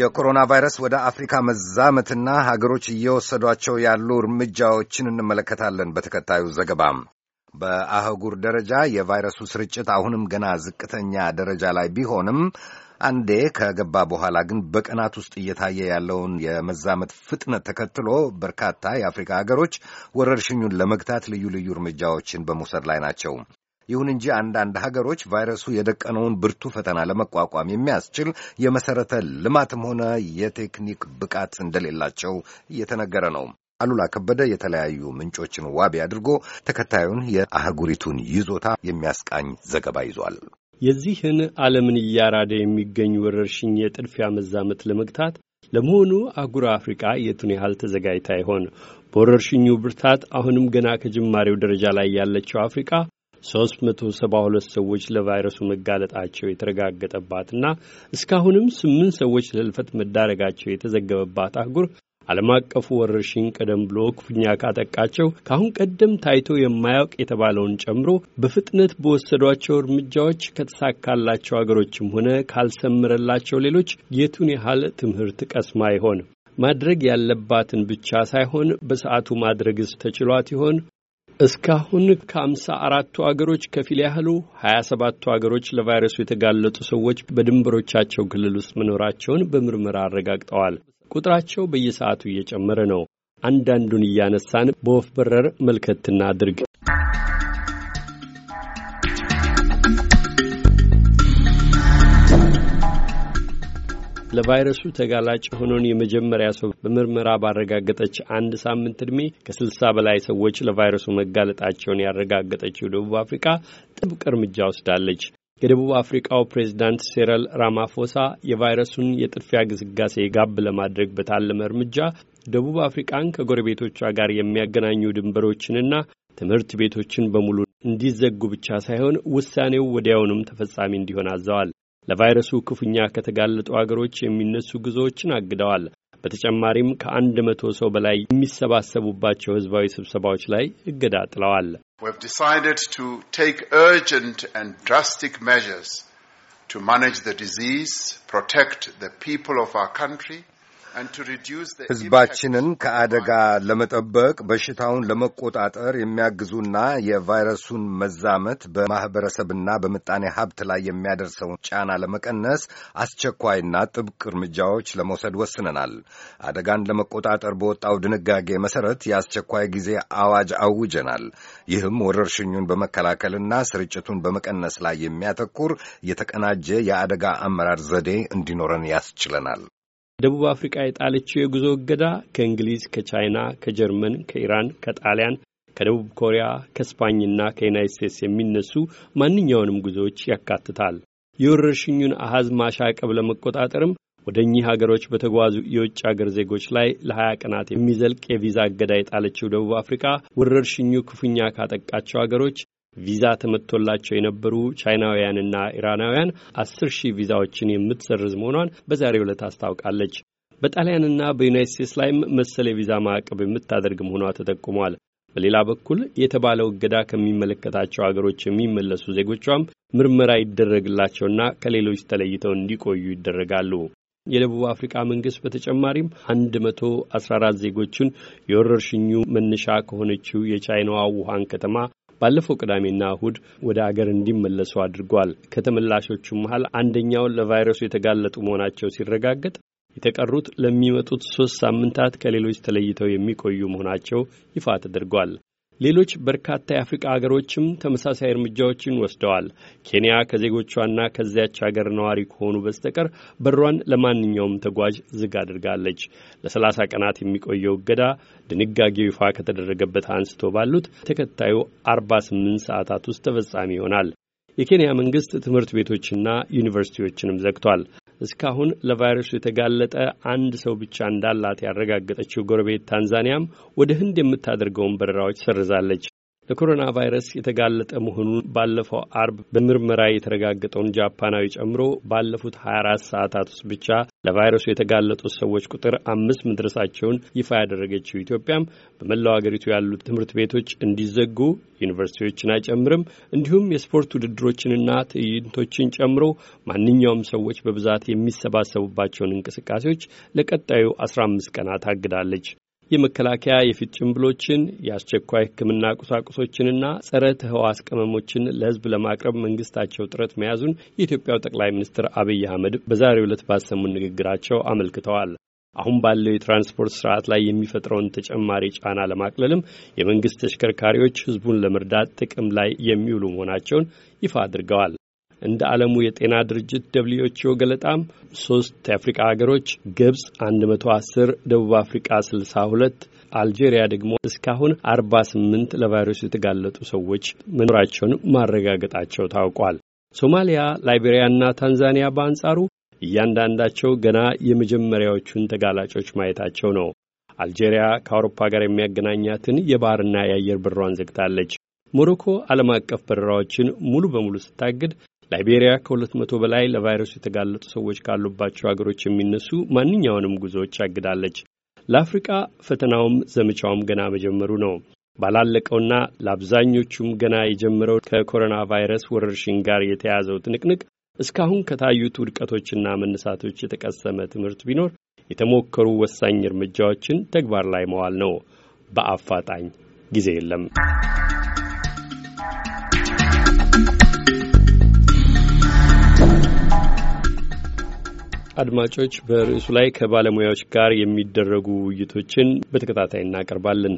የኮሮና ቫይረስ ወደ አፍሪካ መዛመትና ሀገሮች እየወሰዷቸው ያሉ እርምጃዎችን እንመለከታለን። በተከታዩ ዘገባም በአህጉር ደረጃ የቫይረሱ ስርጭት አሁንም ገና ዝቅተኛ ደረጃ ላይ ቢሆንም አንዴ ከገባ በኋላ ግን በቀናት ውስጥ እየታየ ያለውን የመዛመት ፍጥነት ተከትሎ በርካታ የአፍሪካ ሀገሮች ወረርሽኙን ለመግታት ልዩ ልዩ እርምጃዎችን በመውሰድ ላይ ናቸው። ይሁን እንጂ አንዳንድ ሀገሮች ቫይረሱ የደቀነውን ብርቱ ፈተና ለመቋቋም የሚያስችል የመሰረተ ልማትም ሆነ የቴክኒክ ብቃት እንደሌላቸው እየተነገረ ነው። አሉላ ከበደ የተለያዩ ምንጮችን ዋቢ አድርጎ ተከታዩን የአህጉሪቱን ይዞታ የሚያስቃኝ ዘገባ ይዟል። የዚህን ዓለምን እያራደ የሚገኝ ወረርሽኝ የጥድፊያ መዛመት ለመግታት ለመሆኑ አህጉር አፍሪቃ የቱን ያህል ተዘጋጅታ ይሆን? በወረርሽኙ ብርታት አሁንም ገና ከጅማሬው ደረጃ ላይ ያለችው አፍሪቃ ሁለት ሰዎች ለቫይረሱ መጋለጣቸው የተረጋገጠባትና እስካሁንም ስምንት ሰዎች ለልፈት መዳረጋቸው የተዘገበባት አህጉር ዓለም አቀፉ ወረርሽኝ ቀደም ብሎ ክፉኛ ካጠቃቸው ከአሁን ቀደም ታይቶ የማያውቅ የተባለውን ጨምሮ በፍጥነት በወሰዷቸው እርምጃዎች ከተሳካላቸው አገሮችም ሆነ ካልሰምረላቸው ሌሎች የቱን ያህል ትምህርት ቀስማ ይሆን? ማድረግ ያለባትን ብቻ ሳይሆን በሰዓቱ ማድረግስ ተችሏት ይሆን? እስካሁን ከአምሳ አራቱ አገሮች ከፊል ያህሉ ሀያ ሰባቱ አገሮች ለቫይረሱ የተጋለጡ ሰዎች በድንበሮቻቸው ክልል ውስጥ መኖራቸውን በምርመራ አረጋግጠዋል። ቁጥራቸው በየሰዓቱ እየጨመረ ነው። አንዳንዱን እያነሳን በወፍ በረር መልከት አድርግ። ለቫይረሱ ተጋላጭ የሆነውን የመጀመሪያ ሰው በምርመራ ባረጋገጠች አንድ ሳምንት ዕድሜ ከስልሳ በላይ ሰዎች ለቫይረሱ መጋለጣቸውን ያረጋገጠችው ደቡብ አፍሪካ ጥብቅ እርምጃ ወስዳለች። የደቡብ አፍሪካው ፕሬዚዳንት ሴረል ራማፎሳ የቫይረሱን የጥድፊያ ግስጋሴ ጋብ ለማድረግ በታለመ እርምጃ ደቡብ አፍሪካን ከጎረቤቶቿ ጋር የሚያገናኙ ድንበሮችንና ትምህርት ቤቶችን በሙሉ እንዲዘጉ ብቻ ሳይሆን ውሳኔው ወዲያውኑም ተፈጻሚ እንዲሆን አዘዋል። ለቫይረሱ ክፉኛ ከተጋለጡ አገሮች የሚነሱ ጉዞዎችን አግደዋል። በተጨማሪም ከአንድ መቶ ሰው በላይ የሚሰባሰቡባቸው ህዝባዊ ስብሰባዎች ላይ እገዳ ጥለዋል። ሕዝባችንን ከአደጋ ለመጠበቅ በሽታውን ለመቆጣጠር የሚያግዙና የቫይረሱን መዛመት በማኅበረሰብና በምጣኔ ሀብት ላይ የሚያደርሰውን ጫና ለመቀነስ አስቸኳይና ጥብቅ እርምጃዎች ለመውሰድ ወስነናል። አደጋን ለመቆጣጠር በወጣው ድንጋጌ መሠረት የአስቸኳይ ጊዜ አዋጅ አውጀናል። ይህም ወረርሽኙን በመከላከልና ስርጭቱን በመቀነስ ላይ የሚያተኩር የተቀናጀ የአደጋ አመራር ዘዴ እንዲኖረን ያስችለናል። ደቡብ አፍሪቃ የጣለችው የጉዞ እገዳ ከእንግሊዝ፣ ከቻይና፣ ከጀርመን፣ ከኢራን፣ ከጣሊያን፣ ከደቡብ ኮሪያ፣ ከስፓኝና ከዩናይት ስቴትስ የሚነሱ ማንኛውንም ጉዞዎች ያካትታል። የወረርሽኙን አሃዝ ማሻቀብ ለመቆጣጠርም ወደ እኚህ ሀገሮች በተጓዙ የውጭ አገር ዜጎች ላይ ለሀያ ቀናት የሚዘልቅ የቪዛ እገዳ የጣለችው ደቡብ አፍሪካ ወረርሽኙ ክፉኛ ካጠቃቸው ሀገሮች ቪዛ ተመቶላቸው የነበሩ ቻይናውያንና ኢራናውያን አስር ሺህ ቪዛዎችን የምትሰርዝ መሆኗን በዛሬው ዕለት አስታውቃለች። በጣሊያንና በዩናይት ስቴትስ ላይም መሰል የቪዛ ማዕቀብ የምታደርግ መሆኗ ተጠቁሟል። በሌላ በኩል የተባለው እገዳ ከሚመለከታቸው አገሮች የሚመለሱ ዜጎቿም ምርመራ ይደረግላቸውና ከሌሎች ተለይተው እንዲቆዩ ይደረጋሉ። የደቡብ አፍሪካ መንግስት በተጨማሪም 114 ዜጎቹን የወረርሽኙ መነሻ ከሆነችው የቻይናዋ ውሃን ከተማ ባለፈው ቅዳሜና እሁድ ወደ አገር እንዲመለሱ አድርጓል። ከተመላሾቹ መሀል አንደኛውን ለቫይረሱ የተጋለጡ መሆናቸው ሲረጋገጥ የተቀሩት ለሚመጡት ሶስት ሳምንታት ከሌሎች ተለይተው የሚቆዩ መሆናቸው ይፋ ተደርጓል። ሌሎች በርካታ የአፍሪቃ አገሮችም ተመሳሳይ እርምጃዎችን ወስደዋል። ኬንያ ከዜጎቿና ከዚያች አገር ነዋሪ ከሆኑ በስተቀር በሯን ለማንኛውም ተጓዥ ዝግ አድርጋለች። ለሰላሳ ቀናት የሚቆየው እገዳ ድንጋጌው ይፋ ከተደረገበት አንስቶ ባሉት ተከታዩ 48 ሰዓታት ውስጥ ተፈጻሚ ይሆናል። የኬንያ መንግስት ትምህርት ቤቶችና ዩኒቨርሲቲዎችንም ዘግቷል። እስካሁን ለቫይረሱ የተጋለጠ አንድ ሰው ብቻ እንዳላት ያረጋገጠችው ጎረቤት ታንዛኒያም ወደ ህንድ የምታደርገውን በረራዎች ሰርዛለች። ለኮሮና ቫይረስ የተጋለጠ መሆኑን ባለፈው አርብ በምርመራ የተረጋገጠውን ጃፓናዊ ጨምሮ ባለፉት 24 ሰዓታት ውስጥ ብቻ ለቫይረሱ የተጋለጡት ሰዎች ቁጥር አምስት መድረሳቸውን ይፋ ያደረገችው ኢትዮጵያም በመላው አገሪቱ ያሉት ትምህርት ቤቶች እንዲዘጉ ዩኒቨርሲቲዎችን አይጨምርም፣ እንዲሁም የስፖርት ውድድሮችንና ትዕይንቶችን ጨምሮ ማንኛውም ሰዎች በብዛት የሚሰባሰቡባቸውን እንቅስቃሴዎች ለቀጣዩ 15 ቀናት አግዳለች። የመከላከያ የፊት ጭንብሎችን የአስቸኳይ ሕክምና ቁሳቁሶችንና ጸረ ተህዋስ ቅመሞችን ለሕዝብ ለማቅረብ መንግስታቸው ጥረት መያዙን የኢትዮጵያው ጠቅላይ ሚኒስትር አብይ አህመድ በዛሬው ዕለት ባሰሙን ንግግራቸው አመልክተዋል። አሁን ባለው የትራንስፖርት ስርዓት ላይ የሚፈጥረውን ተጨማሪ ጫና ለማቅለልም የመንግስት ተሽከርካሪዎች ህዝቡን ለመርዳት ጥቅም ላይ የሚውሉ መሆናቸውን ይፋ አድርገዋል። እንደ ዓለሙ የጤና ድርጅት ደብልዩኤችኦ ገለጣም ሶስት የአፍሪቃ አገሮች ግብጽ 110፣ ደቡብ አፍሪቃ 62፣ አልጄሪያ ደግሞ እስካሁን 48 ለቫይረሱ የተጋለጡ ሰዎች መኖራቸውን ማረጋገጣቸው ታውቋል። ሶማሊያ፣ ላይቤሪያና ታንዛኒያ በአንጻሩ እያንዳንዳቸው ገና የመጀመሪያዎቹን ተጋላጮች ማየታቸው ነው። አልጄሪያ ከአውሮፓ ጋር የሚያገናኛትን የባህርና የአየር በሯን ዘግታለች። ሞሮኮ ዓለም አቀፍ በረራዎችን ሙሉ በሙሉ ስታግድ ላይቤሪያ ከ መቶ በላይ ለቫይረሱ የተጋለጡ ሰዎች ካሉባቸው ሀገሮች የሚነሱ ማንኛውንም ጉዞዎች አግዳለች ለአፍሪቃ ፈተናውም ዘመቻውም ገና መጀመሩ ነው። ባላለቀውና ለአብዛኞቹም ገና የጀመረው ከኮሮና ቫይረስ ወረርሽኝ ጋር የተያዘው ትንቅንቅ እስካሁን ከታዩት ውድቀቶችና መነሳቶች የተቀሰመ ትምህርት ቢኖር የተሞከሩ ወሳኝ እርምጃዎችን ተግባር ላይ መዋል ነው። በአፋጣኝ ጊዜ የለም። አድማጮች በርዕሱ ላይ ከባለሙያዎች ጋር የሚደረጉ ውይይቶችን በተከታታይ እናቀርባለን።